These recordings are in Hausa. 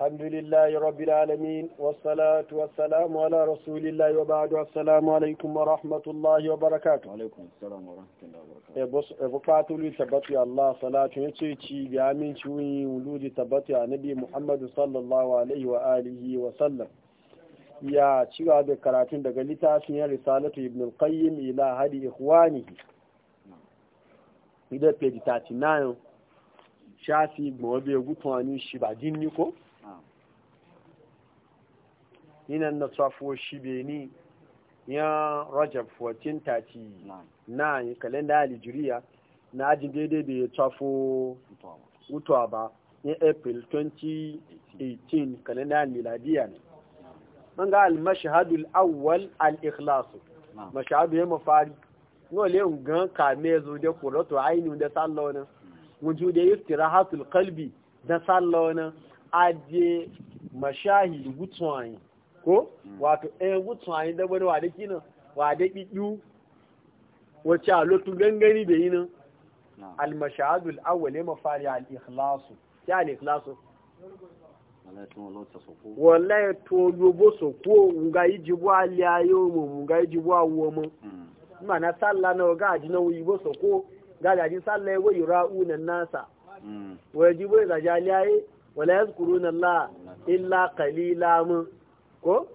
الحمد لله رب العالمين والصلاة والسلام على رسول الله وبعد السلام عليكم ورحمة الله وبركاته عليكم السلام ورحمة الله وبركاته أبو بقات لي الله صلاة يتشي بأمين شوي ولود تبتي على نبي محمد صلى الله عليه وآله وسلم يا شيخ هذا كراتين دقلتا في رسالة ابن القيم إلى هذه إخوانه إذا تاتي نايو شاسي مو بيغوتواني شبادين نيكو ina na tsafo shi beni ya rajab 1439 kalenda alijiriya na ajin daidai da ya tsafo utuwa ba ya april 2018 kalenda miladiya ne man ga al-mashhadul awwal al-ikhlas mashhadu ya mafari nole ngan kame zo da qurratu aini da sallona wujude istirahatul qalbi da sallona aje mashahi gutsuwani ko mm. wato ɗayan eh, mutu a yin dabar wade kinan da ɓiɓɓu wacce a lotu gangari da yi nan almashadul awwale mafari al-ikhlasu ya al-ikhlasu wallahi to yobo so ko nga yi jibu aliyayo mu nga yi jibu awuwa mu mm. na sallah na ga ji na bo so ko ga da ji sallah ya ra'u ra'unan nasa mm. wa jibo da jaliyaye wala yazkuruna Allah illa qalila ko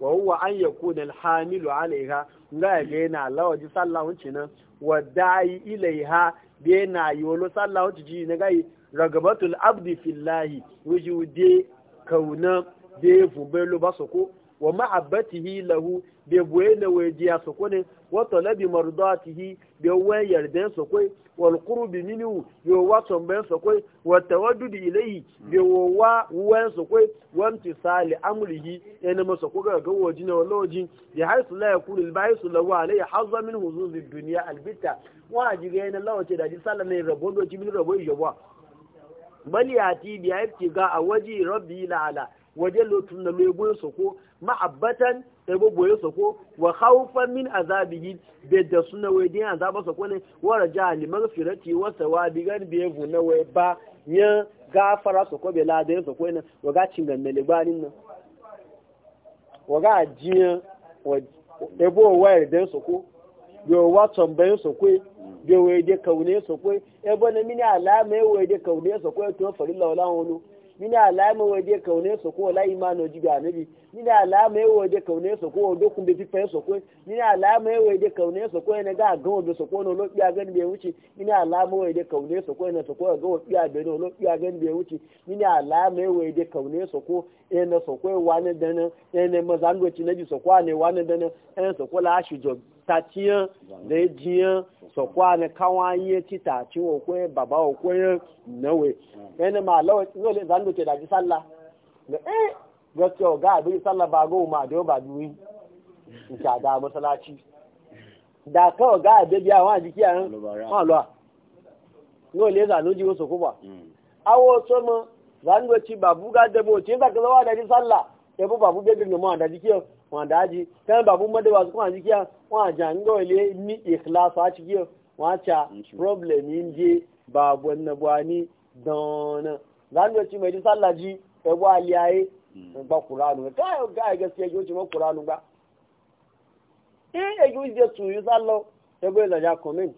wa huwa an yakuna alhamilu alaiha nga ga na lawa ji sallah wuce nan wa da'i ilaiha be na yolo sallah wuce ji na gai ragabatul abdi fillahi wujude kauna be fubelo basoko wa ma'abbatihi lahu bai buye na wajiya su kone wata labi mardatihi bai wayan yardan su kwai wal qurbi minhu bai wa tambayan su kwai wa tawaddudi ilayhi bai wa soko wayan su kwai amuli yi amrihi yana masa ko ga ga waji na wallahi bi haisu la ba yakunu al ba'isu lahu alayhi hazza min huzuz ad dunya al bitta wa ji ga yana lawace da ji sallama rabo do ji min rabo bali bal yati bi yafti ga a waji rabbi la'ala waje lotun na mai goyon soko ma'abbatan da bo goyon soko wa khawfan min azabihi da da suna waje azaba soko ne wa raja liman firati wa sawabi gan biye guna wai ba ya gafara soko be ladan soko ne wa ga cingan ne libanin nan wa ga jiya wa ebo wayar dan soko yo wa tambayin soko be waje kaune soko ebo na mini alama waje kaune soko to farilla wala wono mini alama wai dai kaune su ko la imano jibi anabi ni da alama ya waje kaune so ko wando kun bi fifa so ko ni alama ya waje kaune so ko ne ga ga wando so ko no biya gan bai wuce ni alama ya waje kaune so ne so ko biya bai no biya gan bai wuce ni alama ya waje kaune na ne dan ne ne na ji ko ne wa ko la shi da ya na kawa okwe baba okwe nawe ẹni ma zandu ke daji sallah gaskiya ga abin sallah ba go ma da ba duwi in sha da masallaci da kawai ga abin biya wa jiki a yan wa lo no za no wasu kuma mm. awo so mo zan go ci babu ga da bo ba ka zawa da sallah e bo babu be dinga ma da jiki wa da ji kan babu madawa su kuma jiki wa jan go le ni ikhlas a ciki wa cha mm, problem yin je babu wannan bwani don zan go ci mai sallah ji e bo aliyaye ba kuranu ga ga gaskiya ki wuce ba kuranu ba in e yi wuce su yi tsallo ya go la ja comment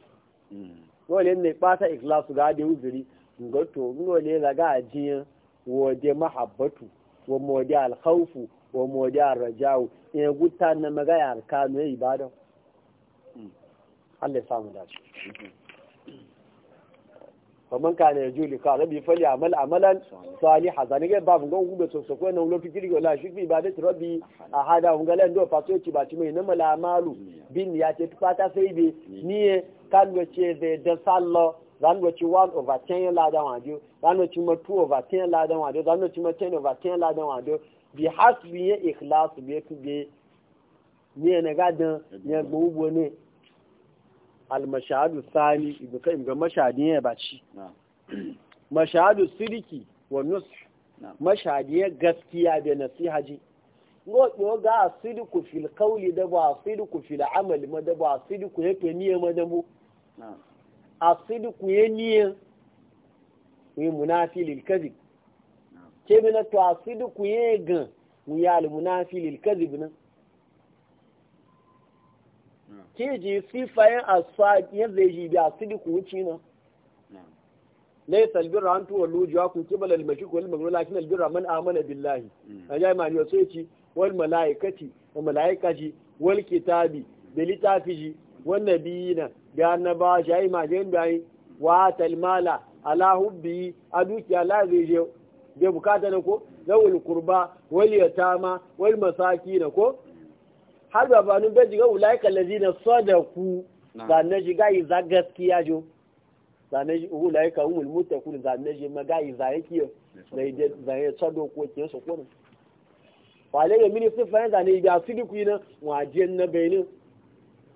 no le ne pata ikilasu ga adi uzuri ngo to no le la ga ajiyan wo mahabbatu wa mo de wa khawfu alrajawu mo de al rajau e gutta na magaya ba ibada Allah ya samu dace faman kana ya juli ka rabbi fali amal amalan salih zani ga babu ga ugu to so ko na ulo fikiri wala shi bi ba da rabbi ahada un galan do fato ci ba ci mai na malamalu bin ya ce fata sai bi ni kan wace da da sallo zan wace 1 over 10 la da zan wace ma over 10 la da zan wace ma 10 over 10 la da wando bi hasbi ya ikhlas bi ku bi ni na gadan ya gbo ne almashahadu sani ibu kai ga mashahadin ya baci mashahadu siriki wa nus mashahadiyar gaskiya da nasiha ji ngo ga siriku fil qawli da ba siriku fil amali ma da ba siriku ya to niyya ma da mu a siriku ya niyya wi munafi lil kadhib ke mina to a siriku ya gan mu ya al munafi lil kadhib nan kiji ji sifayen asuwa ya zai ji bi asidi ku wuci na laysa albirra an tuwallu wujuhakum qibala al-mashriq wal maghrib lakin albirra man amana billahi ajai ma ne sai ci wal malaikati wa malaikaji wal kitabi da littafi ji wal na da annaba yi ma ne bai wa talmala alahu hubbi a dukiya la zai je bai bukata na ko zawul kurba wal yatama wal na ko har nun bai jiga ulaika lazina ku zane shi gayi za gaskiya jo zane shi ulaika humul mutakun zanne shi ma gayi za yake za ya tsado ko ke su ko ne ya ga mini sifa yanzu ne ga sidiku yin wajen na benin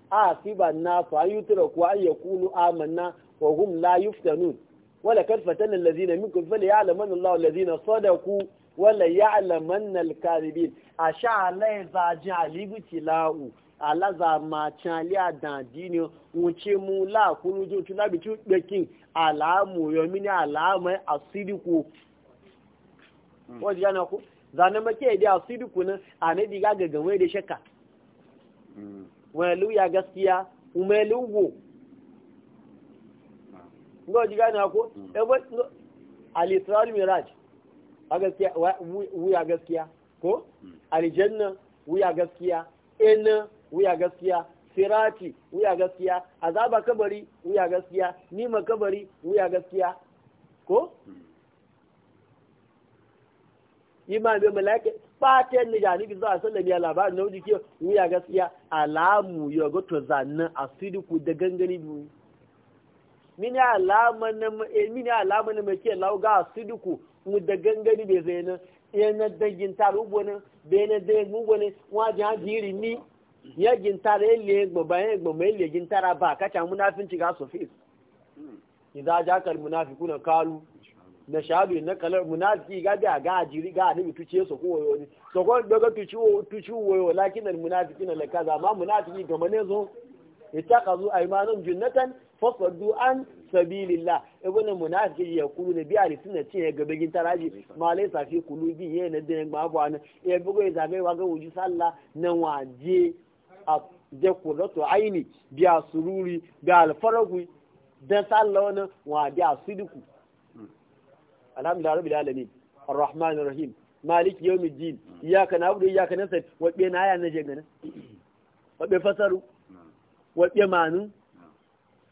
a ba na fa an yutura ko an yakunu amanna wa hum la yuftanun wala kad fatana allazina minkum fala ya'lamu Allahu allazina sadaku wala ya'laman al-kadhibin a sha lai za ji alibuti la'u alaza ma chali adandi ni wuce mu la kunu tu labi tu bekin alamu yomi ni alamai asidiku ko hmm. ji ana ku zanen make da asidiku na anabi ga gama da shaka wani ya gaskiya umelugo hmm. hmm. ngo ji ana ku ebe al-isra'il a gaskiya wuya gaskiya ko aljanna wuya gaskiya ina wuya gaskiya sirati wuya gaskiya azaba kabari wuya gaskiya nima kabari wuya gaskiya ko iman bai malaka fatan ni janibi za a sallam ya labarin na wuji ke wuya gaskiya alamu ya ga to zannan asidiku da gangani biyu mini alama na eh, mini alama na mai ke lauga asidiku mu da gangani bai zai nan na dangin taru gwanin bai na dangin gwanin wajen hajjiri ni ya gintara ya liye gbaba ya gbaba ya ginta gintara ba kacha munafinci ga su fi idan ja kal munafiku na kalu na shabi na kalar munafiki ga ga ga ajiri ga ni tuce su ko yo ni so ko daga tuci wo tuci wo yo lakin al munafiqina la kaza ma munafiki ga mane zo itakazu aymanum jinnatan fasfadu an sabilillah ibn munafiq ya kulu ne biya litin ce ya gabe gin taraji ma lai safi kulubi ya na da ba ba na ya e bugo ya e zagaye wa ga wuji salla na waje a je kuratu aini biya sururi biya alfarahu dan salla wannan wa bi asiduku alhamdulillah rabbil alamin arrahmanir rahim maliki yawmiddin iyyaka na'budu wa iyyaka nasta'in wa bi na ya na je ganin wa bi fasaru wa bi manu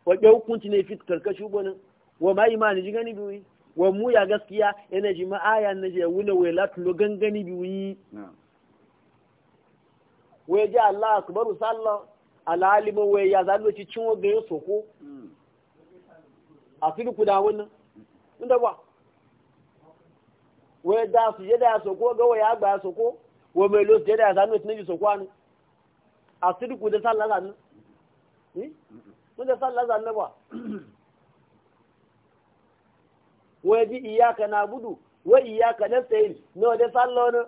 wajen hukunci ne fit karkashi gonin wa ma imani ji gani biyu wa mu ya gaskiya yana ji ma aya na je wuna wai latulo gangani biyu wai ji Allah akbaru ala alalima wai ya zalo ci cin wagan hmm. ya soko a fili kuda wannan inda ba wai da su je da ya soko ga wai ya gba ya soko wa mai lo su je da ya zalo ci na ji soko ne a fili kuda sallah zanu hmm? hmm. mun da sallah zanne ba waji iyaka na gudu wa iyaka na sayin no da sallah wani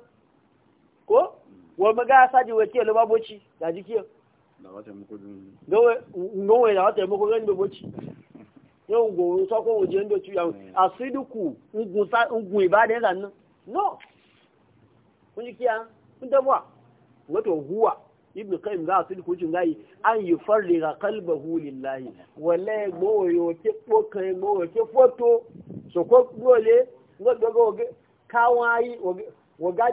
ko wa maga saji wa ke luma boci da jiki gawe da wata yamako gani boci yau go so ko wuje ndo ci yawo mm. asiduku ngun sa ngun ibade zanne no kun ji kiya kun da ba wato huwa Ibi ibn qayyim ga su ku jin gayi an yi farriga qalbahu lillahi wala moyo ke foka moyo ke foto so ko gole ngo dogo kawai woga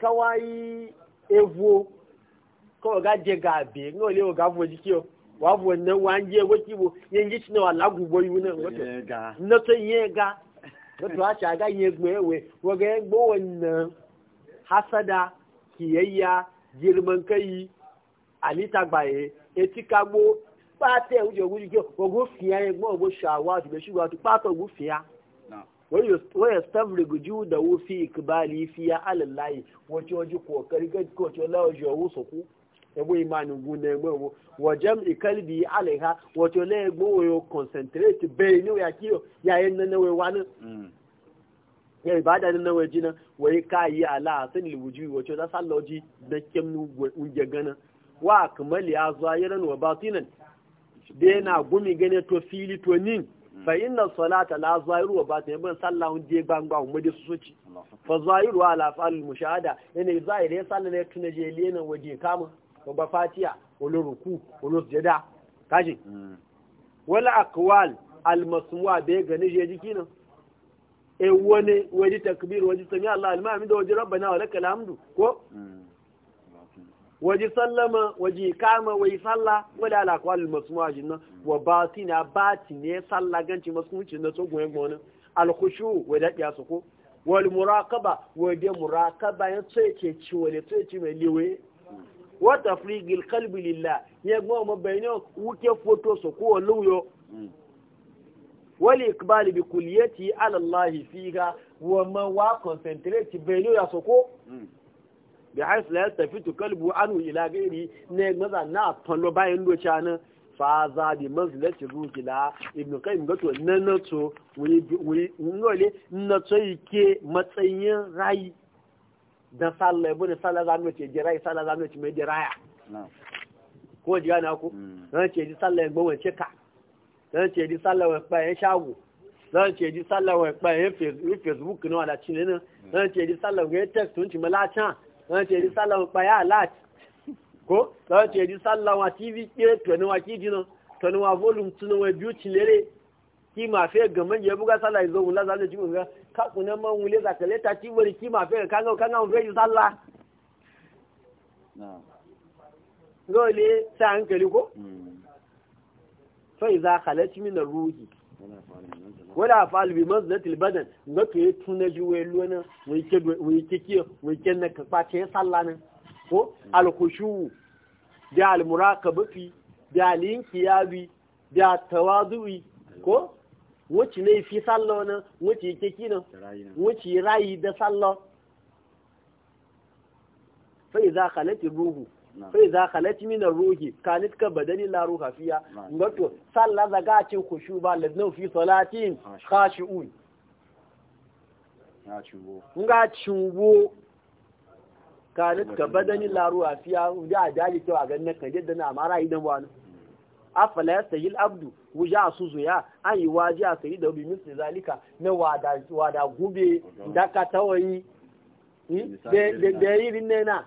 kawai evo ko ga je ga be ngo le ga vo jikio wa vo na wanje wo kibo yenji chine wa lagu bo yu na ngoto na to ye ga ngoto a cha ga ye gbewe woga gbo wonna hasada kiyayya girman kai Alita etí kagbó pátẹ ojú ogun jíjẹ ogun fìyà ẹgbọn ogun ṣàwọ àtúgbẹ ṣùgbọn àti pátọ ogun fiya, wọ́n yẹ stamri gujú da fi ikibali fiya ya wọ́n ti wọ́n ju kọ̀ kari gẹ́gẹ́ kọ̀ tí wọ́n láwọ́ ju sọ̀kú ẹgbẹ́ ìmánu náà ẹgbẹ́ wo wọ́n jẹ́m ìkálíbi àlẹ́ha wọ́n ti wọ́n ẹgbẹ́ wo yọ kọ̀nsẹ̀ntrétì bẹ́ẹ̀ ní mm. wọ́n yà kí yà yẹ wá náà yẹ ìbáda nana wẹ̀ jiná wọ́n yẹ káyé àlá àtẹnìlẹ̀ wòjú wọ́n ti wọ́n wa akmali ya zahiran wa batinan da na gumi gane to fili to nin fa inna salata la zahiru wa batinan ban sallah hun je gbangba hun mudi suci fa zahiru ala fa'al mushahada yana zahiri ya sallah ne tuna je lena waje kama ko ba fatiya wala ruku wala jada kaji wala aqwal al masmu'a be gane je jiki nan e wani waje takbir waje sami Allah al-mahmid waje rabbana wa lakal hamdu ko mm. waji sallama waji kama wai salla wala ala kwalil masmuaji na wa batina batine salla ganci masmuci na tsogun yan gona al khushu wa da kiyasu ko wal muraqaba wa da muraqaba ya tsaye ce ci wani tsaye ci mai liwe wa tafrigil qalbi lillah ya gwa mabayno wuke foto so ko luyo wali ikbali bi kulliyati ala allah fiha wa ma wa concentrate bayno ya so ko bi haisu la yastafitu kalbu anhu ila gairi ne maza na fallo bayan docha na fa za bi manzilati ruhila ibn qayyim gato nan na to wuri ngole na to yake matsayin rai da sallah ibn sallah zamu ce jirai sallah zamu ce mai jiraya ko jiya na ku ran hmm. ce ji sallah gbo wace ka ran ce ji sallah wa pa yan shago ran ce ji sallah wa pa yan facebook na wala cin ne hmm. ce ji sallah ga text tun ci mala can wọ́n ti ẹ̀dí sálà wọn payá aláàtì kó lọ́wọ́ ti ẹ̀dí sálà tv pé tọ̀nù wa kíjì náà volume tunu wọn ó ti lérè kí màá fẹ́ gànmọ́ yẹ búgá sálà ìzòwò lásàlẹ̀ tí mo gbà kákùnà mọ́ ń wulẹ̀ sàkẹ́lẹ́ ta tí wọ́n kí màá fẹ́ kángá kángá wọn fẹ́ ju sálà. lọ́wọ́ ilé tá ń kẹ́lẹ́ kó hmm. fẹ́ ìzà àkàlẹ́ tí mi nà rúùjì. wala fa'al bi manzilatil badan ga to tuna ji wai lona wai ke wai ke ke ke na kafa ce sallah nan ko al khushu da al muraqabati da al inqiyabi da tawadu'i ko wuci ne fi sallah na wuce ke ki na wuci rayi da sallah fa idza khalat ruhu sai za ka lati min ruhi kanit ka badani la ruha fiya ngato salla zaga cin khushu ba ladna fi salatin khashi'un nga chumbo kanit ka badani la ruha fiya da to cewa ganin kan yadda na mara idan wani hmm. afala yastahil abdu wuja suzu ya ayi waji a sayi da rubin su zalika na wada wada gube da ka tawayi hmm? da yi rinna na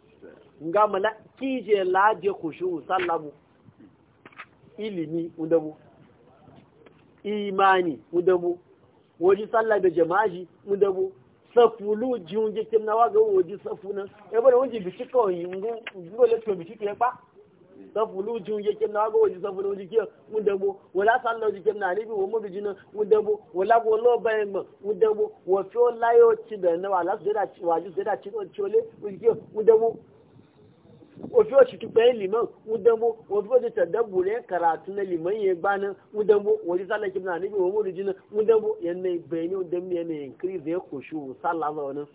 nga mala kije laje khushu sallamu ilimi udabu imani udabu waji sallah da jama'aji udabu safulu jiunje kimna waga waji safuna ebe wonji bichiko yungu ngo le to bichiko yepa safulu jiunje kimna waga waji safuna waji kiyo udabu wala sallah waji na ni bi womo bijina udabu wala go lo bayma udabu wo fio layo chida na wala zeda waji zeda chido chole waji kiyo udabu ofi o cikin bayan e liman udambo ofi o ta dabbo karatu na liman ye bana udambo wani sallah kim na nabi wa mu rijina udambo yanne bayani udambo yanne yankiri zai sala sallah wani.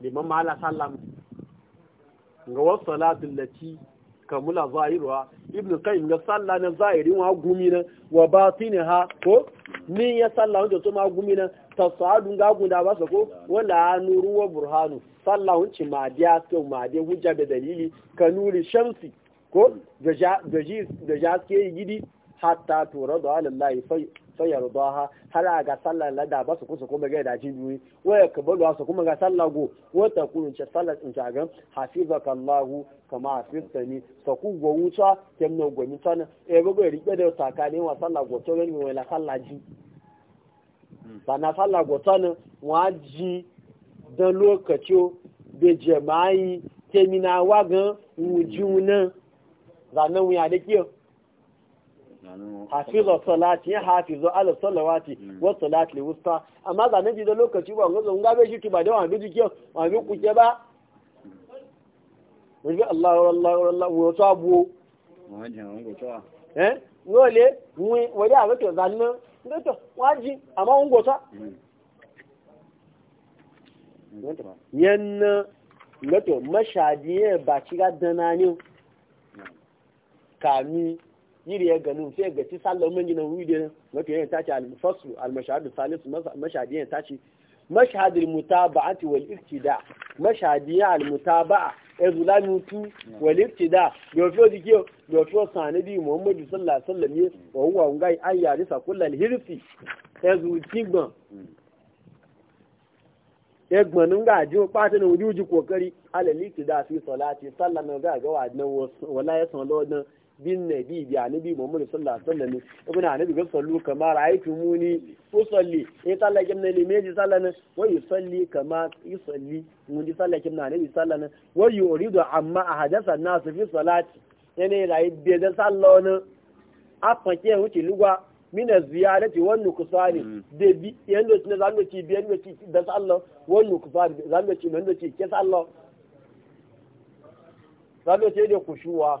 liman mahala sala ga wasu salatu lati kamula zahiruwa ibn qayyim ga sala na zahirin wa gumi na wa ha, ko ni ya sala wanda to ma gumi na tasadu ga gunda ba ko wala nuru wa burhanu sallahu ci madiya to madiya hujja da dalili ka nuri shamsi ko da jaske yi gidi hatta tura da alallahi rubu ha har ga sallar lada ba su kusa kuma gai da jin ne waya ka balu su kuma ga sallar go wata kunun ce sallar in shagan hafiza kallahu kama hafizta ni sa ku go wuta kemno gwani sana e ba go rike da takane wa sallar go to ne wala sallar ji ba na falla gotanin waji don lokaci da jama'i temina wagan wujin nan zanen wuya da kiyo hafizo salati ya hafizo ala salawati wa salati li wusta amma zanen ji da lokaci ba ga zunga bai shi ba da wani jikin wani kuke ba wani Allah Allah Allah wato abu eh ngole wani a wato zanen ndọ́tọ̀ wọ́n á jí àmọ́ ń gòtá yẹn na ndọ́tọ̀ mashadiyan ba ci ga dana ne kami yiri ya ganin sai ga ci sallar mun gina wuri da mafi yayin tace al-faslu al-mashahadu salisu mashadiyan tace مشهد المتابعة والابتداء مشهد يا المتابعة ezula mutu waliftida dofiyo dikiyo dofiyo sanadi muhammadu sallallahu alaihi wasallam ye wa huwa ngai an yari sa kullal hirfi ezu tigban egbon nun ga ji pata na wujuji kokari alal iftida fi salati sallama ga ga wa nan wala ya bin nabi bi anabi muhammad sallallahu alaihi wasallam ibn anabi ga sallu kama ra'aytu muni usalli in eh sallah kimna ne me ji sallana ne wa yusalli kama yusalli mun ji sallah kimna anabi sallana ne wa yuridu amma ahadatha an-nas fi salati yana yi be da sallah ne afan ke wuce lugwa mina ziyarati wa nuqsani mm. de bi yanda ne zan ci bi yanda ci da sallah wa nuqsani zan ci da ci ke sallah zan ce da kushuwa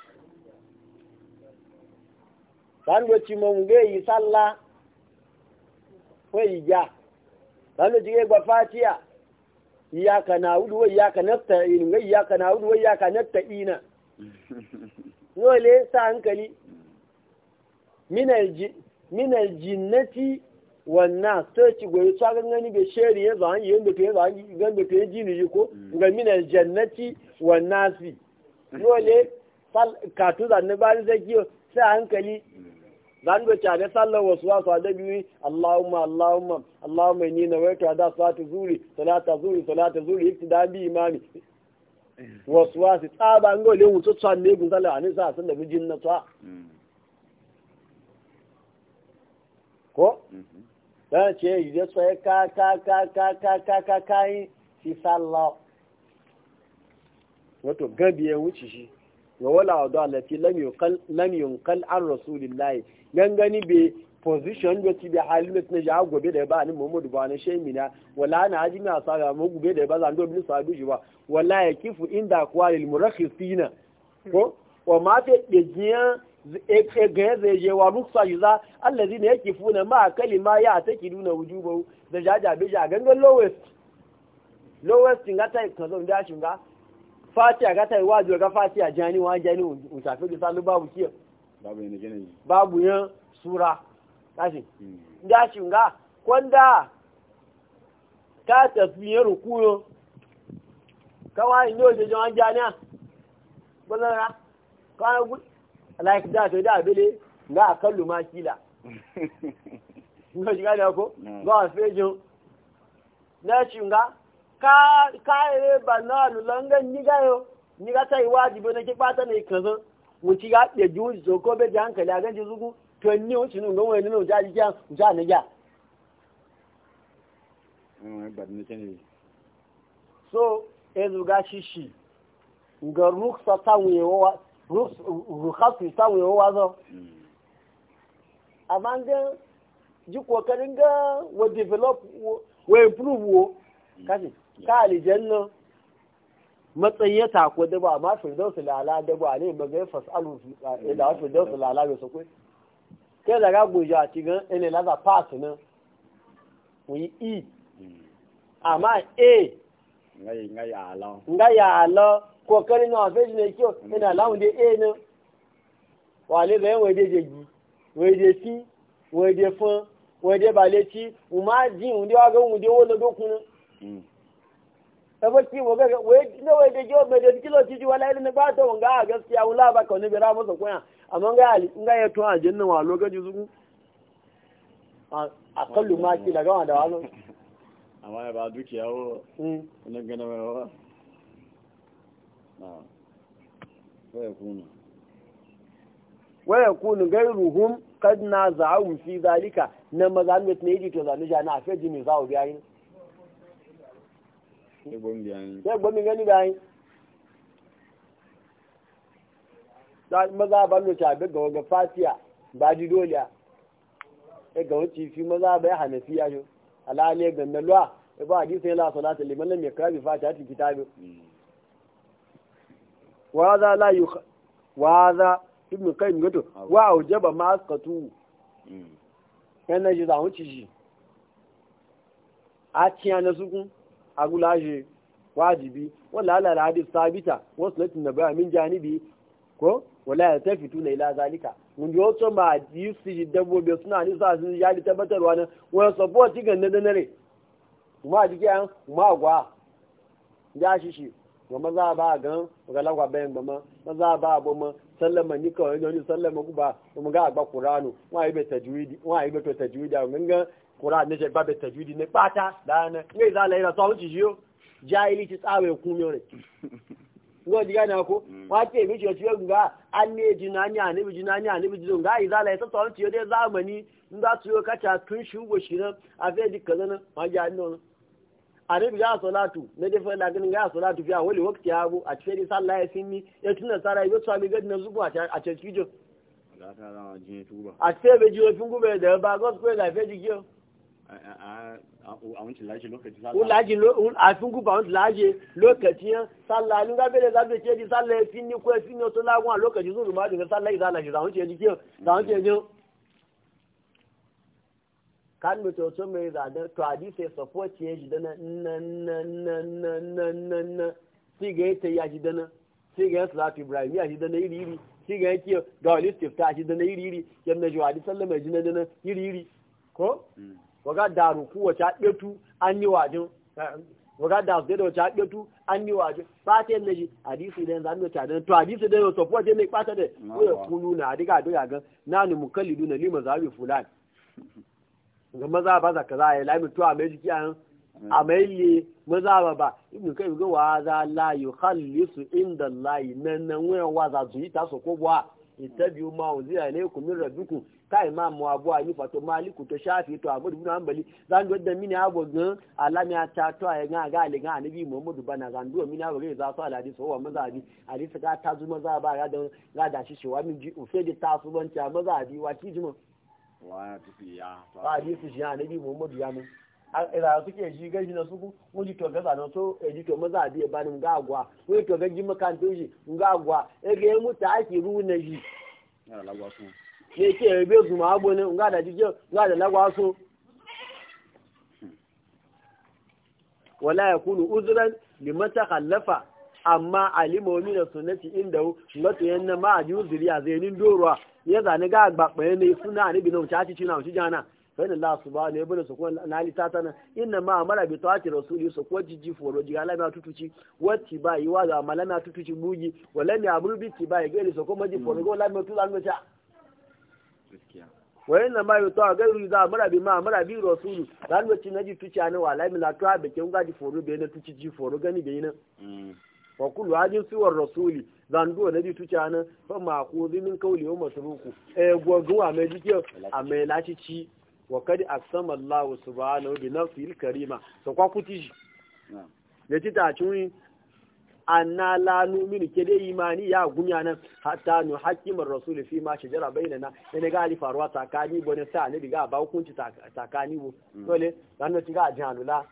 lánàá chimo mo ń gbé yìí sálá fún ìjà fatia iyaka na udu wa iyaka nafta inu ga iyaka na udu wa iyaka nafta ina nwole sa hankali mina jinnati wannan sai ci goyi gani zan yi da kai zan gan da yi jini ko ga minal jannati wan nasi dole sal ka tu ba zai kiyo sa hankali mm. zan da kyale sallar wasu wasu da biyu Allahumma Allahumma Allahumma inni nawaitu da salatu zuri salata zuri salata zuri ibtida bi imami wasu wasu tsaba ngo le wuto tsan ne gun sallar anin sa sun da mijin na tsa ko dan ce ide so ka ka ka ka ka ka ka kai si sallah wato gabi ya wuce shi wa wala wa allati lam yunqal an rasulillahi gani be position da ti be halin na ja gobe da ba ni Muhammadu ba na shemina wala na haji na asara mu gobe da ba zan do bin sabu shi ba wala ya kifu inda qawlil murakhisina ko wa ma ta dejiya e, e ga zai je wa ruksa yuza allazi ne yakifuna ma kalima ya ta kiduna da jaja be ja gangan lowest lowest ta kazo da fatiha gata yi wajo ga fatiha jani wa jani ushafi da salu babu kiyo babu yana gina babu yan sura kashi da hmm. shi nga kwanda ka tafi yin rukuyo kawai ne oje jani jani bazara kawai gu like da to da bele nga akallu ma kila ngo shi ga da ko ba ga fejin na shi nga ka kayere ba na lulangan ni gayo ni ga tai na ki fata ne kazan mu ci ga ɗe juji so ko be hankali a ganji zugu to ni o sinu ngon wani no jaji kyan ja ne mm, ja so ezu ga shishi ga ruksa ta wewa ruks rukhasi ta wewa zo mm. amma ga ji kokarin ga wa develop wa improve wo mm. kashi ka alijanna matsayi ya ko da ba ma firdausu lala da ba ne magai fasalu eh, da firdausu lala bai sakwai kai da ga goja a cikin ina laza pass na, ku yi e amma a nga ya ala kokari na ofeji na kyau ina lamun da a nan wale da yan waje jeji waje fi waje fun waje baleci umar jin wunde wa ga wunde wani dokunan mm. tabbaci wa ga wai na wai da jiwa mai da kilo ci wala ilin ba ta wanga a gaskiya wula ba ka wani bira masa kwaya amma ga ali in ga ya to a jinnin wa lokaci zuku a kallu ma ki daga wanda wani amma ya ba dukiya yawo hmm. na gana mai wa waya kunu waya kunu gairuhum kad na za'a fi zalika na maza ne jito zanu jana a fi jini biya biyayin sai gbomi gani bayan maza ba mu tabi ga waga fasiya ba ji doliya ya ga wuce fi maza ba ya hanafiya yau alhali ga na luwa ya ba hadisa yana salata liman lam yakrabi fatiha ta kitabi hmm. wa za la yu wa za ibn qayyim gato wa aujaba ma askatu yana hmm. ji za wuce shi a ciya na sukun agulaje wajibi wala ala alhadis sabita wasu latin na bayan min janibi ko wala ya tafi tuna ila zalika mun ji wato ma yi su ji dabbobi suna ni sun ya li tabbatarwa na wani sabo ci ganna da nare kuma a jike an kuma gwa ya shishi shi ga maza ba a gan ga lagwa bayan gama maza ba a goma sallama ni kawai da wani sallama ku ba mu ga agba kurano wa yi bai tajwidi wa yi bai to tajwidi a gangan kura ne je babe tajwidi ne pata dana ngai za la ira to ji jahili ti tsawe ku mi ore ngo diga na ko mm. wa te mi je ti nga anne ji na nya ne bi ji na nya ne bi ji nga iza la ita to ti yo de zamani nga tu yo kacha tun shi go shi na afi di kaza na ma ja no anabi ya salatu na dai fa lagin ya salatu fiya wali wakti ya bu a cikin sallah ya sinni ya tuna sara ya tsami gadi na zubu a a da ba gospel la e fe a wancin laji lokaci sallah laji a fin sallah ce di sallah ya finni ko ya lokaci zuru ma daga sallah idan laji zawon ce ce jin kan mu to so mai zadan to adi sai support ce ji dana nan nan nan nan nan nan ta ya dana salatu ibrahim ya dana iri iri sai ga yake ga wani dana iri iri yamma ji wadi dana iri iri ko waga daru kuwa ɗetu an yi wajen waga da su wacce haɗe an yi wajen ɓata yin naji hadisi da yanzu an to hadisi da yanzu sofuwa ce mai da ko kunu na adiga do gan na ni mukalli duna lima ga maza ba za ka za a yi lami to mai hmm. jiki a mai le maza ba ba kai ga wa za inda layi nan nan wayan wa za su yi ta so ko kai ma mu abu yi to maliku to shafi to abu ibn hanbali zan do da mini abu gan alami ta to ya ga ga ali ga annabi muhammadu bana zan do mini abu ga za su aladi so wa mazabi hadisi ga ta zuma za ba ga don ga da shi shewa min ji ufe da ta su a wa ki jima wa ya ba shi e shi na suku to so e e ake shi ne ke yabe su ma abu ne nga da jikin nga da lagwaso wala ya kunu uzuran liman ta kallafa amma alimomi da sunnati inda mato yanna ma a jiwu zuriya zainin doruwa ya zani ga gbagbaye ne suna ne binan caci cina wuce jana fẹ́ni láàsù bá ní ẹbí lọ́sọ̀kún náàlì tátánà iná máa mara bí tọ́wá ti rọ̀sùn ìsọ̀kún jíjí fòrò jí alámi àtútùtì wọ́n ti bá ìwádà àmàlámi àtútùtì gbúgi wọ̀lẹ́ni àbúrú bí ti bá ìgbé ìsọ̀kún mọ́jì fòrò gbọ́ tutu ọtún lánàá wayan na mayu to ga ruza mara bi ma mara bi rasulu dan wacce na ji tuci ana wala mi la to abe ke foro be na tuci ji foro gani be na mm. wa kullu ajin suwar rasuli dan do na ji tuci ana fa ma ku zimin kauli wa masruku e gogowa me ji a mai la ci ci wa kad aksama allah subhanahu bi nafsil karima so kwa kuti ji ne ta cin anna la nu'minu ke dai imani ya gunya nan hatta nu hakimar rasul fi ma shajara bainana ne ga ali faruwa tsakani bone sa ne diga ba hukunci tsakani bo mm. dole dan ci ga janula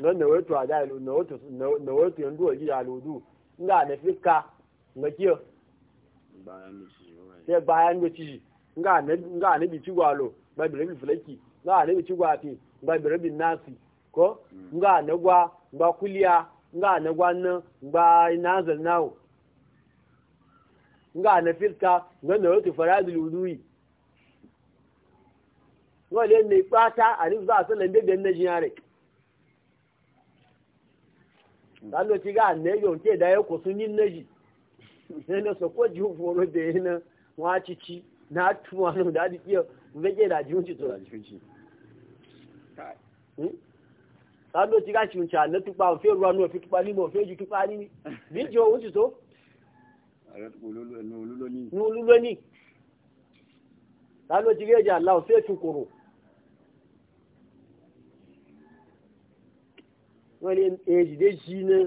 non ne wato ada na wato na wato yanzu waji ya ludu nga na fiska nga bayan ci bayan nga na nga na bi ci gwalo ba bi nga na bi ci ba bi nasi ko mm. nga na gwa ba kuliya nga na gwanna ba na zalnawo nga na firka nga na yotu faradul wudu'i wale ne pata ani za sallan de den najin yare dalo ti ga na yo nke da yo ko na ji ne na so ko ji foro de na wa na tuwa no da di kiyo nge da junci to da junci sáàdọ̀ tí káàkiri ń ṣàlẹ́ tupa òfin ìrọ̀ anú òfin tupa nínú òfin ojú níní níjọ ó ti tó olúlóní sáàdọ̀ tí kéèjì àlá òfin ètò wọ́n ní èjìdé jí ní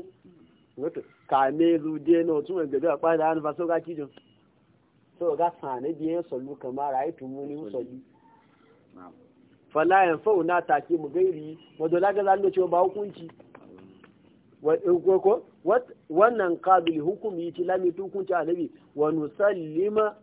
kàmẹ́rù dé náà túnmọ̀ ìgbẹ̀dọ̀ àpáyé àánúfà sóga kíjọ sóga sàn níbi ẹ̀ sọ̀lú kàmára ètò mú ní sọ̀lú fala fau na take mu gairi wadola ga zan cewa ba hukunci eh, ko wannan qabil hukumi ti lami hukunci annabi wa nusallima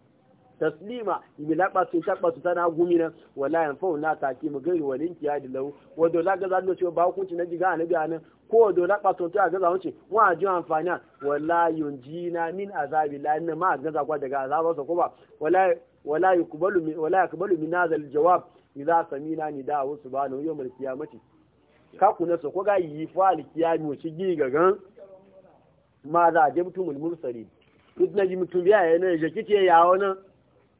taslima ibila basu ta su tana gumina wala fau na take mu gairi walin kiyadi law wadola ga zan cewa ba hukunci na jiga annabi anan ko dola basu ta ga zan ce a jiwa amfani wala yunjina min azabi la inna ma gaza kwa daga azaba ko ba wala wala yuqbalu wala min hadha al-jawab idza samina nida wa subhanahu yawmal qiyamati ka kuna so ko ga yi fa al qiyami ci gi gagan ma za je mutumul mursalin na ji mutum ya yana ya kice ya wannan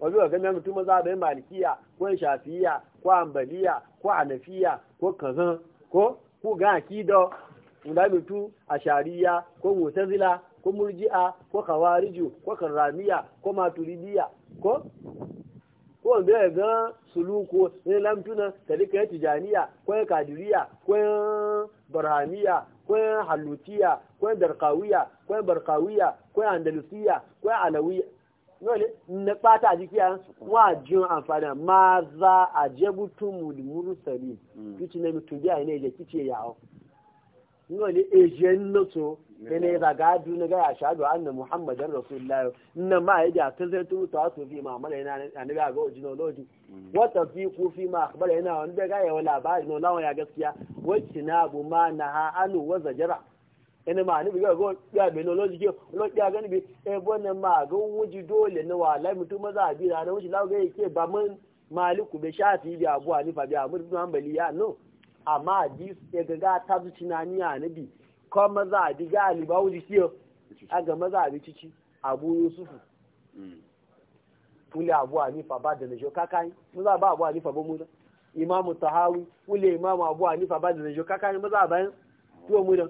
wazo ga nan mutum za bai malikiya ko shafiya ko ambaliya ko anafiya ko kazan ko ku ga kido da mutu ashariya ko mutazila ko murji'a ko khawariju ko karramiya ko maturidiya ko ko ga ga suluko ne lamtuna tarika ya tijaniya ko kadiriya ko barhamiya ko halutiya ko darkawiya ko barkawiya ko andalusiya ko alawiya nole na bata jikiya wa jin amfani ma za a jebutu mulmuru sabi mm. kici ne mutubiya ne je kici yawo ngoli ejen noto bene da gadu ne ga ashadu anna muhammadan rasulullah inna ma yaja tazatu tawasu fi ma mala ina annabi ga ojino lodi wa tafiqu fi ma akhbara ina wanda ga ya wala ba no lawa ya gaskiya wacce na bu ma naha anu wa zajara ina ma ni ga go ya be eh, no lodi ke lo ya gani be e bona ma ga wuji dole ne wa lai mutum maza bi da wuji lawa ga yake ba mun maliku be shafi bi abu alifa bi amur bin hanbali ya no amma hadis ya ga ga ta zuci na ni nabi ko maza a diga liba wuli kiyo a ga maza a bicici abu yusufu mm. wuli abu nifa ba da najo kakani maza ba abu nifa ba muda imamu tahawi wuli imamu abu nifa ba da najo kakani maza bayan tuwa muda.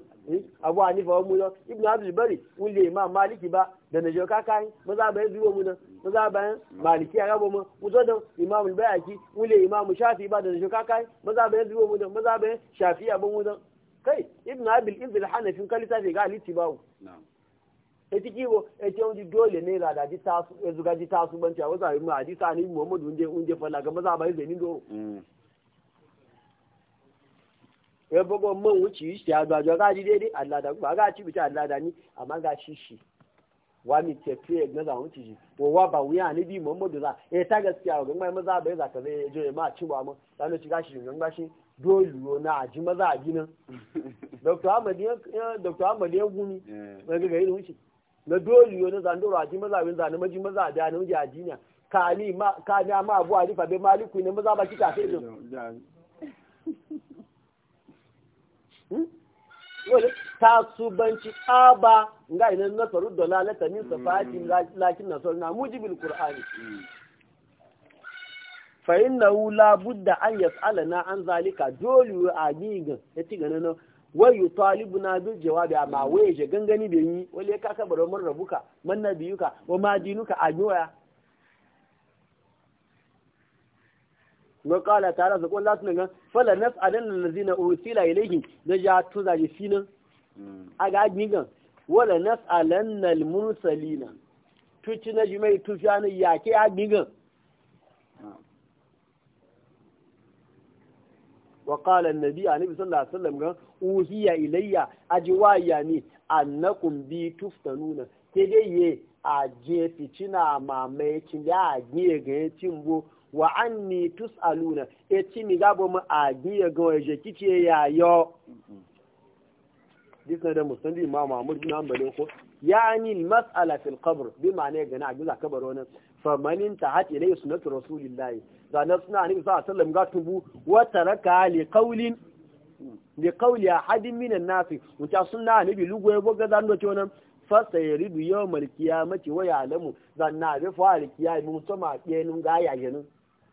abu nifa wa muna ibn abdul bari wun le imam maliki ba da na joka kai mun za bayan biwo muna mun za bayan maliki a rabo mun mun da imamul bayaki wun le imamu shafi ba da na joka kai mun za bayan biwo muna mun bayan shafi ya ban muna kai ibn abdul ibn hanafin kalisa fi litafi ga ba tibawu na'am eti kibo ti e onji dole ne la da di tasu ezuga di tasu banci a wasa mu sa ni muhammadu unje unje falaga ga maza bayan zai ni do ya bago man wuce shi ya gbajo ga ji daidai Allah da ba ga ci bita Allah da ni amma ga shi shi wa mi tafiye na za wuce shi wa wa ba wuya ni bi Muhammadu za eh ta gaskiya ga mai maza bai za ka zai je ma ci ba mu dan ci gashi ga gashi dole na aji maza a ginin Dr. Ahmad ya Dr. Ahmad ya gumi eh. ga ga irin wuce na dole na aji maza bin zan maji maza a da namiji a duniya kani ma kani ma abu alifa be maliku ne maza ba kika sai Hmm? tasubanci aba ga idan nasaru dalalata min hmm. safatin lakin nasaru na mujibin ƙur'ani hmm. fa na wula budda an alana an zalika dole a ci gana na wayo talibu na bil jawabi amma waye je gangani bai yi wale ka kabar mun rabuka man nabiyuka wa madinuka ajoya wa qala ta'ala zakon Allah nan fala nas'alan allazina ursila ilayhi da ja to ji sinan hmm. aga agnigan wala nas'alan al mursalina ci na mai tufiyani yake agnigan hmm. wa qala an-nabi annabi sallallahu alaihi wasallam ga uhiya ilayya ajwaya ni annakum bi tuftanuna ke dai ye a je cina mamaye cin da a gye ga cin bo wa an tus aluna e ti mi gabo mu agiye go je kice ya yo disna da musnad ma Ahmad na Hanbal ko yani al-mas'ala fi al-qabr bi ma'ana gana agiza kabaro nan fa man intahat ilay sunnatu rasulillahi da na sunna ni sa sallam ga tubu wa taraka li qawlin li qawli ahad min an-nas muta sunna ni bi lugo e ga zan do chona fa sayridu ridu al qiyamati mace waya alamu zanna bi fa alkiya mu sama ɗaya nun ga yayenin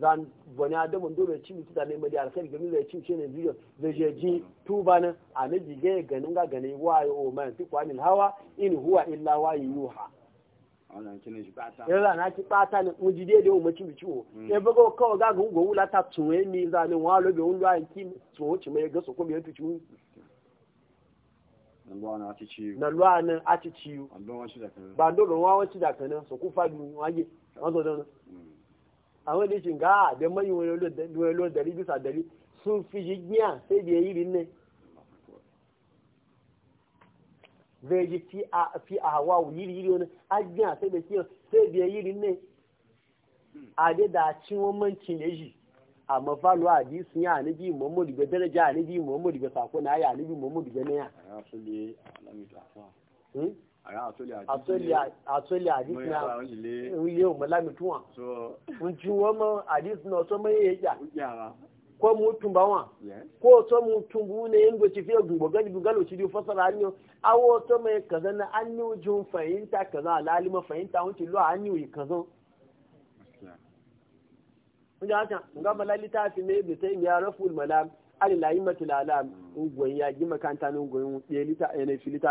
zan wani adamun dole ci mutu zane ne da alkhairi gami zai ci ce ne biyu da jeji tuba na a na jige ganin ga gane waye o oh, mai fi kwani hawa in huwa illa wayi yau za na ci bata ne mu jide da mu ci bici o mm. e bago kawo ga gungo wula ta tsoye ni za ne wa lobe un da ki tsuwo ci mai ga so ko mai tuci mu na luwanin a ci ciwo ba dole wawanci wanci da kanan so ku fadi mu waje wanzo don àwọn ilé ṣìǹkà àdẹ́mọ́ ìwọ̀n olóòdẹ̀rí bí sàdẹ̀rí tún fi yí gbíà sébi èyí rí ní vẹ́ẹ̀jì fi àwa ò yírí yírí oní agbíà sébi kí sébi èyí rí ní àdédà tí wọ́n mọ́ ń kí léyìí àmọ́ fálọ́ àdí sí àníbí mọ́mọ́ dìgbẹ́ dẹ́rẹ́jà àníbí mọ́mọ́ dìgbẹ́ sàkóná àyà àníbí mọ́mọ́ dìgbẹ́ náà. A àdísì náà ilé òmìnlámi tún wọn ń tí wọ́n mọ́ àdísì náà tó mẹ́yẹ ìjà kó mú túnbà wọn kó tó mú túnbù ní ẹgbẹ́ ti fi ẹgbùn gbọ́gẹ́ ibi gálò ti di fasara. ní awọ́ tó mẹ́ kàzán náà á ní ojú fẹ̀yìntà kàzán àlálímọ̀ fẹ̀yìntà wọn ti lọ á ní òyì kàzán. ń jẹ́ àtàn fi mẹ́ ibi tẹ́ ìmì arọ́ fún ìmọ̀lá alìláyìmọ̀ tìlà àlàm ń gbọ̀nyí àjímọ̀ káńtà ní ń gbọ̀nyí wọn pé lítà ẹni fi lítà